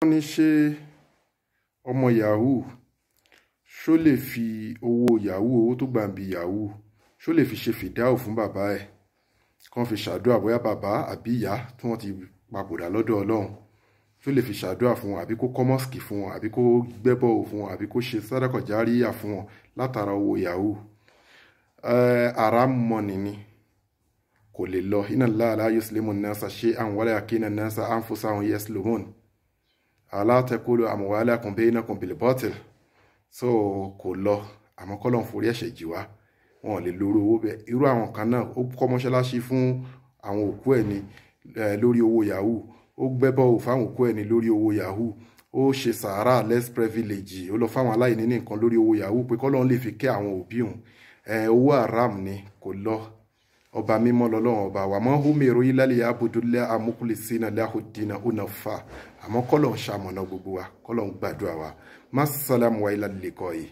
wọ́n ní ṣe ọmọ yahoo ṣó lè fi owó yahoo owó tó gbà ń bi yahoo ṣó lè fi ṣe fìdáù fún bàbá ẹ̀ kàn fi ṣàdúrà bóyá bàbá àbí ìyá tí wọ́n ti papòdà lọ́dọ̀ ọlọ́run ṣó lè fi ṣàdúrà fún wọn àbí kó kọ́ mọ́sìkì fún wọn àbí kó gbẹ́bọ̀ fún wọn àbí kó ṣe sádàkọ̀ járíyà fún wọn látara owó yahoo haram money ni kò lè lọ iná láàlá yuslimun nasa ṣe àwọn wàlẹ̀ akínà nasa anfusa àwọn yẹsùlùmọ́nì ala taqulu amwalakum bainakum bil batil so kò lọ àmọ́ kọ́lọ̀ ń forí ẹ̀ṣẹ̀ jì wá wọn lè lórí owó bẹ́ẹ̀ irú àwọn kan náà ó kọ́ mọ́ṣáláṣí fún àwọn òkú ẹ̀ ní eh, lórí owó yahoo ó gbẹ́bọ̀ fáwọn òkú ẹ̀ ní lórí owó yahoo ó ṣe sàárà less privilege ó lọ fáwọn aláìní ní nǹkan lórí owó yahoo pé kọ́lọ̀ ń lè fi kẹ́ àwọn òbí òun eh, owó haram ni kò lọ ọba mímọ́ lọ́lọ́run ọba wa mọ́ húmẹ́rọ ilálẹ̀ abudulẹ̀ amukulisina lahudina unafa àmọ́ kọ́lọ̀ ń ṣamọ̀nà gbogbo wa kọ́lọ̀ ń gbàdúrà wa má sálàmù wa ilà lè kọ́ yìí.